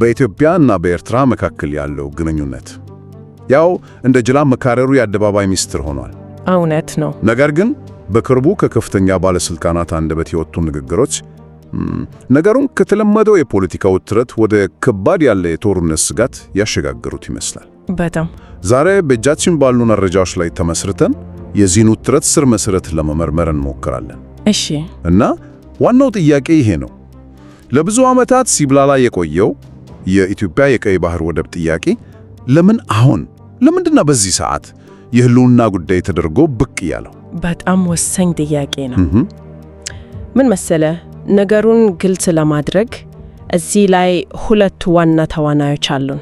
በኢትዮጵያ እና በኤርትራ መካከል ያለው ግንኙነት ያው እንደ ጅላ መካረሩ የአደባባይ ሚስጥር ሆኗል። እውነት ነው። ነገር ግን በቅርቡ ከከፍተኛ ባለስልጣናት አንደበት የወጡ ንግግሮች ነገሩን ከተለመደው የፖለቲካ ውጥረት ወደ ከባድ ያለ የጦርነት ስጋት ያሸጋገሩት ይመስላል። በጣም ዛሬ በእጃችን ባሉ መረጃዎች ላይ ተመስርተን የዚህን ውጥረት ስር መሰረት ለመመርመር እንሞክራለን። እሺ። እና ዋናው ጥያቄ ይሄ ነው። ለብዙ ዓመታት ሲብላላ የቆየው የኢትዮጵያ የቀይ ባህር ወደብ ጥያቄ ለምን አሁን ለምንድነው በዚህ ሰዓት የህልውና ጉዳይ ተደርጎ ብቅ ያለው? በጣም ወሳኝ ጥያቄ ነው። ምን መሰለ፣ ነገሩን ግልጽ ለማድረግ እዚህ ላይ ሁለት ዋና ተዋናዮች አሉን።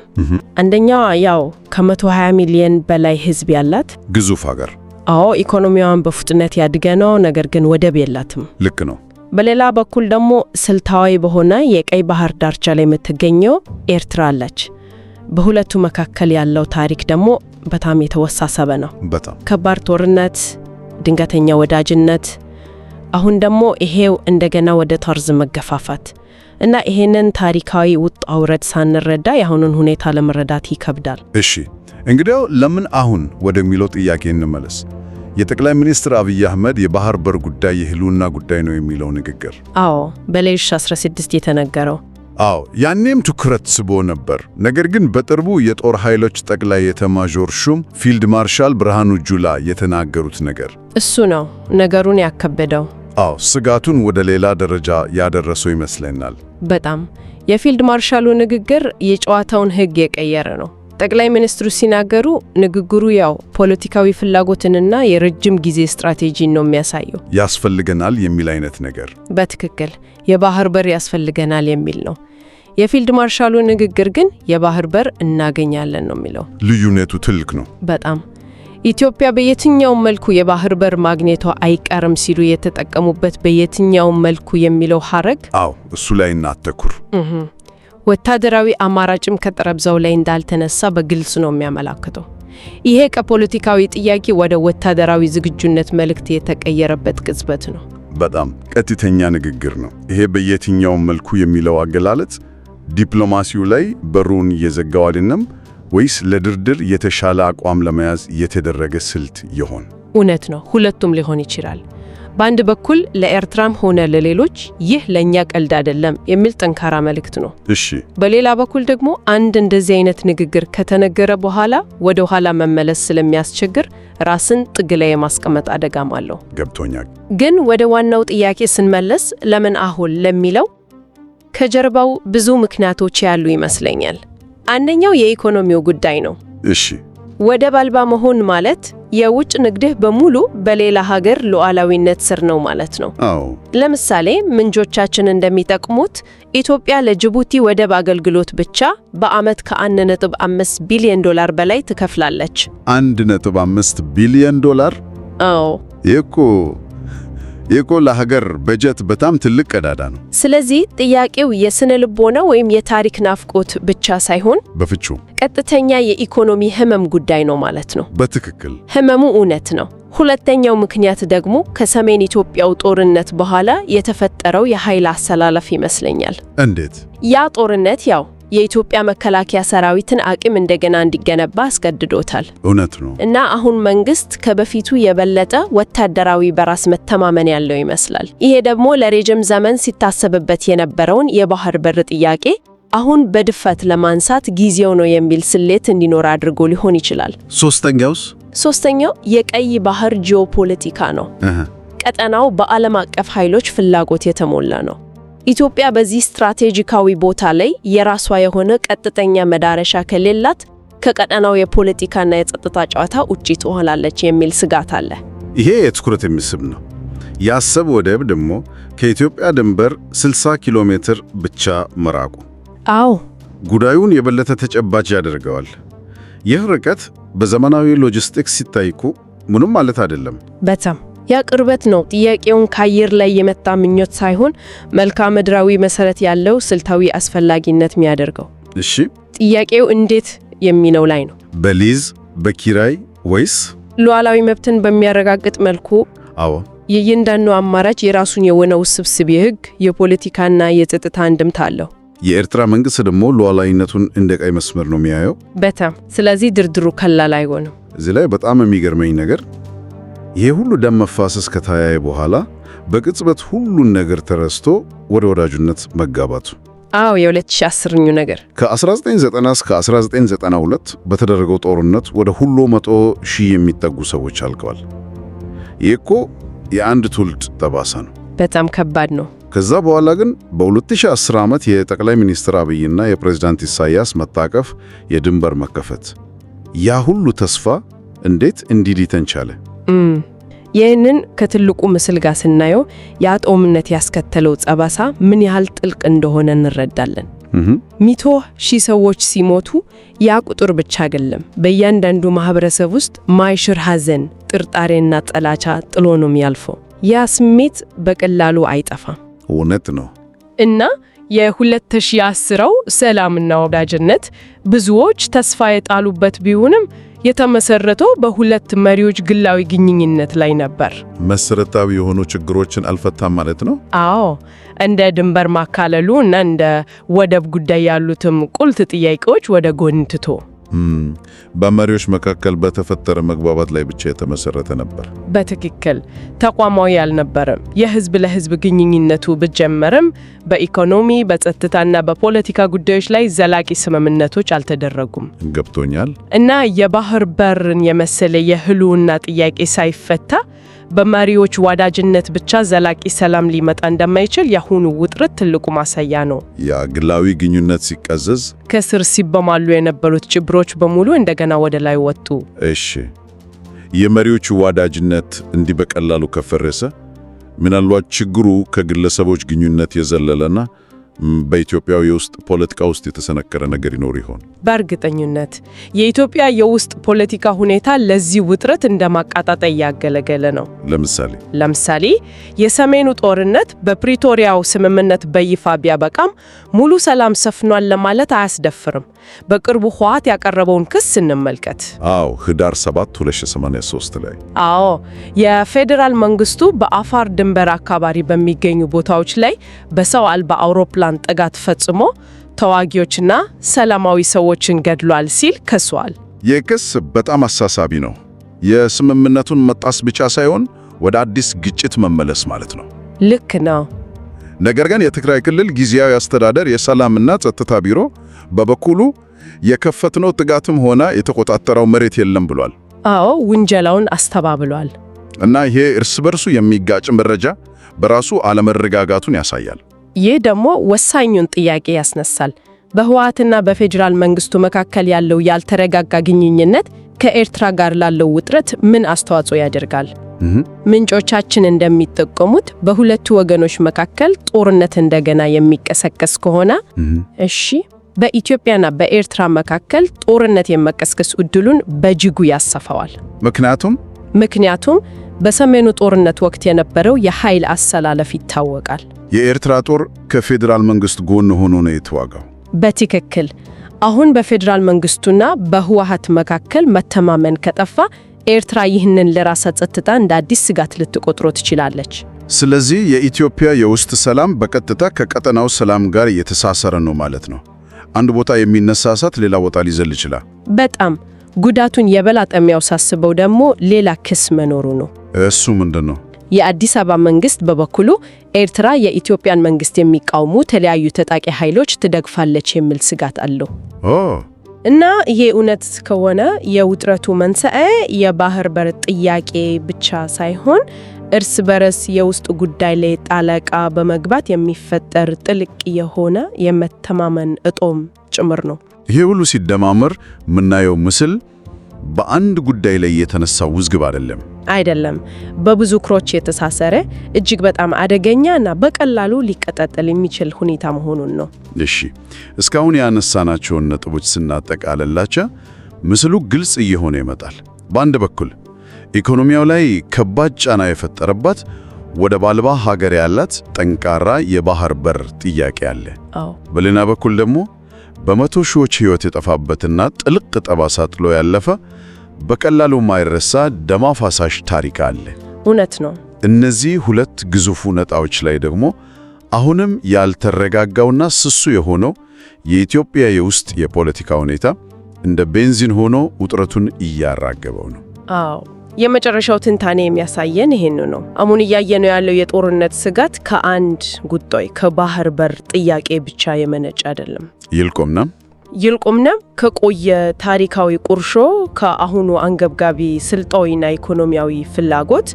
አንደኛዋ ያው ከ120 ሚሊዮን በላይ ህዝብ ያላት ግዙፍ ሀገር፣ አዎ ኢኮኖሚዋን በፍጥነት ያድገ ነው፣ ነገር ግን ወደብ የላትም። ልክ ነው። በሌላ በኩል ደግሞ ስልታዊ በሆነ የቀይ ባህር ዳርቻ ላይ የምትገኘው ኤርትራ አለች። በሁለቱ መካከል ያለው ታሪክ ደግሞ በጣም የተወሳሰበ ነው። በጣም ከባድ ጦርነት፣ ድንገተኛ ወዳጅነት፣ አሁን ደግሞ ይሄው እንደገና ወደ ጠርዝ መገፋፋት እና ይሄንን ታሪካዊ ውጣ ውረድ ሳንረዳ የአሁኑን ሁኔታ ለመረዳት ይከብዳል። እሺ እንግዲያው ለምን አሁን ወደሚለው ጥያቄ እንመለስ። የጠቅላይ ሚኒስትር አብይ አህመድ የባህር በር ጉዳይ የህልውና ጉዳይ ነው የሚለው ንግግር አዎ በሌሽ 16 የተነገረው አዎ ያኔም ትኩረት ስቦ ነበር። ነገር ግን በቅርቡ የጦር ኃይሎች ጠቅላይ ኤታማዦር ሹም ፊልድ ማርሻል ብርሃኑ ጁላ የተናገሩት ነገር እሱ ነው ነገሩን ያከበደው። አዎ ስጋቱን ወደ ሌላ ደረጃ ያደረሰው ይመስለናል። በጣም የፊልድ ማርሻሉ ንግግር የጨዋታውን ህግ የቀየረ ነው። ጠቅላይ ሚኒስትሩ ሲናገሩ ንግግሩ ያው ፖለቲካዊ ፍላጎትንና የረጅም ጊዜ ስትራቴጂን ነው የሚያሳየው። ያስፈልገናል የሚል አይነት ነገር በትክክል የባህር በር ያስፈልገናል የሚል ነው። የፊልድ ማርሻሉ ንግግር ግን የባህር በር እናገኛለን ነው የሚለው። ልዩነቱ ትልቅ ነው በጣም። ኢትዮጵያ በየትኛውም መልኩ የባህር በር ማግኘቷ አይቀርም ሲሉ የተጠቀሙበት በየትኛውም መልኩ የሚለው ሀረግ አዎ፣ እሱ ላይ እናተኩር። ወታደራዊ አማራጭም ከጠረጴዛው ላይ እንዳልተነሳ በግልጽ ነው የሚያመላክተው። ይሄ ከፖለቲካዊ ጥያቄ ወደ ወታደራዊ ዝግጁነት መልእክት የተቀየረበት ቅጽበት ነው። በጣም ቀጥተኛ ንግግር ነው ይሄ። በየትኛውም መልኩ የሚለው አገላለጽ ዲፕሎማሲው ላይ በሩን እየዘጋው አይደለም ወይስ ለድርድር የተሻለ አቋም ለመያዝ የተደረገ ስልት ይሆን? እውነት ነው፣ ሁለቱም ሊሆን ይችላል። በአንድ በኩል ለኤርትራም ሆነ ለሌሎች ይህ ለእኛ ቀልድ አይደለም የሚል ጠንካራ መልእክት ነው። እሺ፣ በሌላ በኩል ደግሞ አንድ እንደዚህ አይነት ንግግር ከተነገረ በኋላ ወደ ኋላ መመለስ ስለሚያስቸግር ራስን ጥግ ላይ የማስቀመጥ አደጋም አለው። ገብቶኛል። ግን ወደ ዋናው ጥያቄ ስንመለስ ለምን አሁን ለሚለው ከጀርባው ብዙ ምክንያቶች ያሉ ይመስለኛል። አንደኛው የኢኮኖሚው ጉዳይ ነው። እሺ ወደብ አልባ መሆን ማለት የውጭ ንግድህ በሙሉ በሌላ ሀገር ሉዓላዊነት ስር ነው ማለት ነው። አዎ። ለምሳሌ ምንጆቻችን እንደሚጠቅሙት ኢትዮጵያ ለጅቡቲ ወደብ አገልግሎት ብቻ በዓመት ከ1.5 ቢሊዮን ዶላር በላይ ትከፍላለች። 1.5 ቢሊዮን ዶላር? አዎ። ይህ እኮ የቆ ለሀገር በጀት በጣም ትልቅ ቀዳዳ ነው። ስለዚህ ጥያቄው የስነ ልቦና ወይም የታሪክ ናፍቆት ብቻ ሳይሆን በፍቹም ቀጥተኛ የኢኮኖሚ ህመም ጉዳይ ነው ማለት ነው። በትክክል ህመሙ እውነት ነው። ሁለተኛው ምክንያት ደግሞ ከሰሜን ኢትዮጵያው ጦርነት በኋላ የተፈጠረው የኃይል አሰላለፍ ይመስለኛል። እንዴት? ያ ጦርነት ያው የኢትዮጵያ መከላከያ ሰራዊትን አቅም እንደገና እንዲገነባ አስገድዶታል። እውነት ነው። እና አሁን መንግስት ከበፊቱ የበለጠ ወታደራዊ በራስ መተማመን ያለው ይመስላል። ይሄ ደግሞ ለረጅም ዘመን ሲታሰብበት የነበረውን የባህር በር ጥያቄ አሁን በድፈት ለማንሳት ጊዜው ነው የሚል ስሌት እንዲኖር አድርጎ ሊሆን ይችላል። ሶስተኛውስ? ሶስተኛው የቀይ ባህር ጂኦፖለቲካ ነው። ቀጠናው በዓለም አቀፍ ኃይሎች ፍላጎት የተሞላ ነው። ኢትዮጵያ በዚህ ስትራቴጂካዊ ቦታ ላይ የራሷ የሆነ ቀጥተኛ መዳረሻ ከሌላት ከቀጠናው የፖለቲካና የጸጥታ ጨዋታ ውጪ ትሆናለች የሚል ስጋት አለ። ይሄ የትኩረት የሚስብ ነው። የአሰብ ወደብ ደግሞ ከኢትዮጵያ ድንበር 60 ኪሎ ሜትር ብቻ መራቁ፣ አዎ ጉዳዩን የበለጠ ተጨባጭ ያደርገዋል። ይህ ርቀት በዘመናዊ ሎጂስቲክስ ሲታይ እኮ ምንም ማለት አይደለም በጣም ያ ቅርበት ነው ጥያቄውን ከአየር ላይ የመጣ ምኞት ሳይሆን መልክዓ ምድራዊ መሰረት ያለው ስልታዊ አስፈላጊነት የሚያደርገው። እሺ፣ ጥያቄው እንዴት የሚለው ላይ ነው። በሊዝ በኪራይ ወይስ ሉዓላዊ መብትን በሚያረጋግጥ መልኩ? አዎ። የእያንዳንዱ አማራጭ የራሱን የሆነ ውስብስብ የህግ የፖለቲካና የጸጥታ አንድምታ አለው። የኤርትራ መንግስት ደግሞ ሉዓላዊነቱን እንደ ቀይ መስመር ነው የሚያየው። በጣም ስለዚህ ድርድሩ ቀላል አይሆንም። እዚህ ላይ በጣም የሚገርመኝ ነገር ይህ ሁሉ ደም መፋሰስ ከታያየ በኋላ በቅጽበት ሁሉን ነገር ተረስቶ ወደ ወዳጁነት መጋባቱ አዎ የ2010ኙ ነገር ከ1990 እስከ 1992 በተደረገው ጦርነት ወደ ሁሉ መቶ ሺህ የሚጠጉ ሰዎች አልቀዋል። ይህ እኮ የአንድ ትውልድ ጠባሳ ነው። በጣም ከባድ ነው። ከዛ በኋላ ግን በ2010 ዓመት የጠቅላይ ሚኒስትር አብይና የፕሬዝዳንት ኢሳያስ መታቀፍ፣ የድንበር መከፈት፣ ያ ሁሉ ተስፋ እንዴት እንዲህ ሊተን ቻለ? ይህንን ከትልቁ ምስል ጋር ስናየው የአጦምነት ያስከተለው ጠባሳ ምን ያህል ጥልቅ እንደሆነ እንረዳለን። ሚቶ ሺህ ሰዎች ሲሞቱ ያ ቁጥር ብቻ አይደለም። በእያንዳንዱ ማህበረሰብ ውስጥ ማይሽር ሐዘን፣ ጥርጣሬና ጥላቻ ጥሎ ነው የሚያልፈው። ያ ስሜት በቀላሉ አይጠፋም። እውነት ነው እና የ2010ው ሰላምና ወዳጅነት ብዙዎች ተስፋ የጣሉበት ቢሆንም የተመሰረተው በሁለት መሪዎች ግላዊ ግንኙነት ላይ ነበር። መሰረታዊ የሆኑ ችግሮችን አልፈታም ማለት ነው። አዎ፣ እንደ ድንበር ማካለሉ እና እንደ ወደብ ጉዳይ ያሉትም ቁልት ጥያቄዎች ወደ ጎን ትቶ በመሪዎች መካከል በተፈጠረ መግባባት ላይ ብቻ የተመሰረተ ነበር። በትክክል ተቋማዊ አልነበረም። የህዝብ ለህዝብ ግንኙነቱ ብጀመርም በኢኮኖሚ በጸጥታና በፖለቲካ ጉዳዮች ላይ ዘላቂ ስምምነቶች አልተደረጉም። ገብቶኛል። እና የባህር በርን የመሰለ የህልውና ጥያቄ ሳይፈታ በመሪዎች ወዳጅነት ብቻ ዘላቂ ሰላም ሊመጣ እንደማይችል የአሁኑ ውጥረት ትልቁ ማሳያ ነው። የግላዊ ግንኙነት ሲቀዘዝ፣ ከስር ሲበማሉ የነበሩት ችግሮች በሙሉ እንደገና ወደ ላይ ወጡ። እሺ፣ የመሪዎች ወዳጅነት እንዲህ በቀላሉ ከፈረሰ ምናልባት ችግሩ ከግለሰቦች ግንኙነት የዘለለና በኢትዮጵያዊ የውስጥ ፖለቲካ ውስጥ የተሰነከረ ነገር ይኖር ይሆን? በእርግጠኝነት የኢትዮጵያ የውስጥ ፖለቲካ ሁኔታ ለዚህ ውጥረት እንደ ማቃጣጠያ እያገለገለ ነው። ለምሳሌ ለምሳሌ የሰሜኑ ጦርነት በፕሪቶሪያው ስምምነት በይፋ ቢያበቃም ሙሉ ሰላም ሰፍኗል ለማለት አያስደፍርም። በቅርቡ ህወሓት ያቀረበውን ክስ እንመልከት። አዎ ህዳር 7 2083 ላይ አዎ የፌዴራል መንግስቱ በአፋር ድንበር አካባቢ በሚገኙ ቦታዎች ላይ በሰው አልባ አውሮፕላን አውሮፕላን ጥቃት ፈጽሞ ተዋጊዎችና ሰላማዊ ሰዎችን ገድሏል ሲል ከሷል። ይህ ክስ በጣም አሳሳቢ ነው። የስምምነቱን መጣስ ብቻ ሳይሆን ወደ አዲስ ግጭት መመለስ ማለት ነው። ልክ ነው። ነገር ግን የትግራይ ክልል ጊዜያዊ አስተዳደር የሰላምና ጸጥታ ቢሮ በበኩሉ የከፈትነው ጥቃትም ሆነ የተቆጣጠረው መሬት የለም ብሏል። አዎ፣ ውንጀላውን አስተባብሏል። እና ይሄ እርስ በርሱ የሚጋጭ መረጃ በራሱ አለመረጋጋቱን ያሳያል። ይህ ደግሞ ወሳኙን ጥያቄ ያስነሳል። በህወሓትና በፌዴራል መንግስቱ መካከል ያለው ያልተረጋጋ ግንኙነት ከኤርትራ ጋር ላለው ውጥረት ምን አስተዋጽኦ ያደርጋል? ምንጮቻችን እንደሚጠቆሙት በሁለቱ ወገኖች መካከል ጦርነት እንደገና የሚቀሰቀስ ከሆነ እሺ፣ በኢትዮጵያና በኤርትራ መካከል ጦርነት የመቀስቀስ እድሉን በእጅጉ ያሰፋዋል። ምክንያቱም ምክንያቱም በሰሜኑ ጦርነት ወቅት የነበረው የኃይል አሰላለፍ ይታወቃል። የኤርትራ ጦር ከፌዴራል መንግስት ጎን ሆኖ ነው የተዋጋው። በትክክል አሁን በፌዴራል መንግስቱና በህወሓት መካከል መተማመን ከጠፋ ኤርትራ ይህንን ለራሷ ጸጥታ እንደ አዲስ ስጋት ልትቆጥሮ ትችላለች። ስለዚህ የኢትዮጵያ የውስጥ ሰላም በቀጥታ ከቀጠናው ሰላም ጋር እየተሳሰረ ነው ማለት ነው። አንድ ቦታ የሚነሳ እሳት ሌላ ቦታ ሊዘል ይችላል። በጣም ጉዳቱን የበለጠ የሚያወሳስበው ደግሞ ሌላ ክስ መኖሩ ነው። እሱ ምንድን ነው? የአዲስ አበባ መንግስት በበኩሉ ኤርትራ የኢትዮጵያን መንግስት የሚቃውሙ ተለያዩ ታጣቂ ኃይሎች ትደግፋለች የሚል ስጋት አለው። እና ይሄ እውነት ከሆነ የውጥረቱ መንስኤ የባህር በር ጥያቄ ብቻ ሳይሆን እርስ በርስ የውስጥ ጉዳይ ላይ ጣለቃ በመግባት የሚፈጠር ጥልቅ የሆነ የመተማመን እጦም ጭምር ነው። ይሄ ሁሉ ሲደማመር የምናየው ምስል በአንድ ጉዳይ ላይ የተነሳው ውዝግብ አይደለም አይደለም በብዙ ክሮች የተሳሰረ እጅግ በጣም አደገኛ እና በቀላሉ ሊቀጣጠል የሚችል ሁኔታ መሆኑን ነው። እሺ እስካሁን ያነሳናቸውን ነጥቦች ስናጠቃልላቸው ምስሉ ግልጽ እየሆነ ይመጣል። በአንድ በኩል ኢኮኖሚያው ላይ ከባድ ጫና የፈጠረባት ወደብ አልባ ሀገር ያላት ጠንካራ የባህር በር ጥያቄ አለ። በሌላ በኩል ደግሞ በመቶ ሺዎች ሕይወት የጠፋበትና ጥልቅ ጠባሳ ጥሎ ያለፈ በቀላሉ ማይረሳ ደም አፋሳሽ ታሪክ አለ። እውነት ነው። እነዚህ ሁለት ግዙፍ ነጣዎች ላይ ደግሞ አሁንም ያልተረጋጋውና ስሱ የሆነው የኢትዮጵያ የውስጥ የፖለቲካ ሁኔታ እንደ ቤንዚን ሆኖ ውጥረቱን እያራገበው ነው። አዎ። የመጨረሻው ትንታኔ የሚያሳየን ይህን ነው። አሁን እያየነው ያለው የጦርነት ስጋት ከአንድ ጉዳይ ከባህር በር ጥያቄ ብቻ የመነጭ አይደለም። ይልቁምና ይልቁምና ከቆየ ታሪካዊ ቁርሾ፣ ከአሁኑ አንገብጋቢ ስልጣዊና ኢኮኖሚያዊ ፍላጎት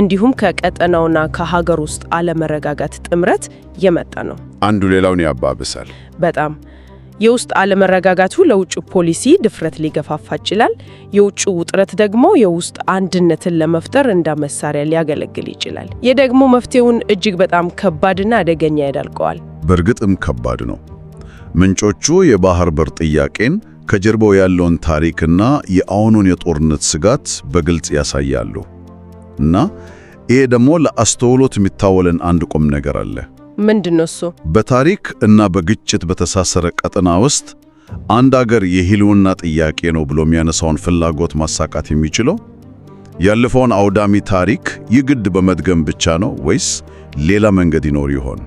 እንዲሁም ከቀጠናውና ከሀገር ውስጥ አለመረጋጋት ጥምረት የመጣ ነው። አንዱ ሌላውን ያባብሳል በጣም የውስጥ አለመረጋጋቱ ለውጭ ፖሊሲ ድፍረት ሊገፋፋ ይችላል። የውጭ ውጥረት ደግሞ የውስጥ አንድነትን ለመፍጠር እንደ መሳሪያ ሊያገለግል ይችላል። ይህ ደግሞ መፍትሄውን እጅግ በጣም ከባድና አደገኛ ያደርገዋል። በእርግጥም ከባድ ነው። ምንጮቹ የባህር በር ጥያቄን ከጀርባው ያለውን ታሪክና የአሁኑን የጦርነት ስጋት በግልጽ ያሳያሉ እና ይሄ ደግሞ ለአስተውሎት የሚታወለን አንድ ቁም ነገር አለ። ምንድን ነው እሱ? በታሪክ እና በግጭት በተሳሰረ ቀጠና ውስጥ አንድ አገር የህልውና ጥያቄ ነው ብሎ የሚያነሳውን ፍላጎት ማሳካት የሚችለው ያለፈውን አውዳሚ ታሪክ የግድ በመድገም ብቻ ነው ወይስ ሌላ መንገድ ይኖር ይሆን?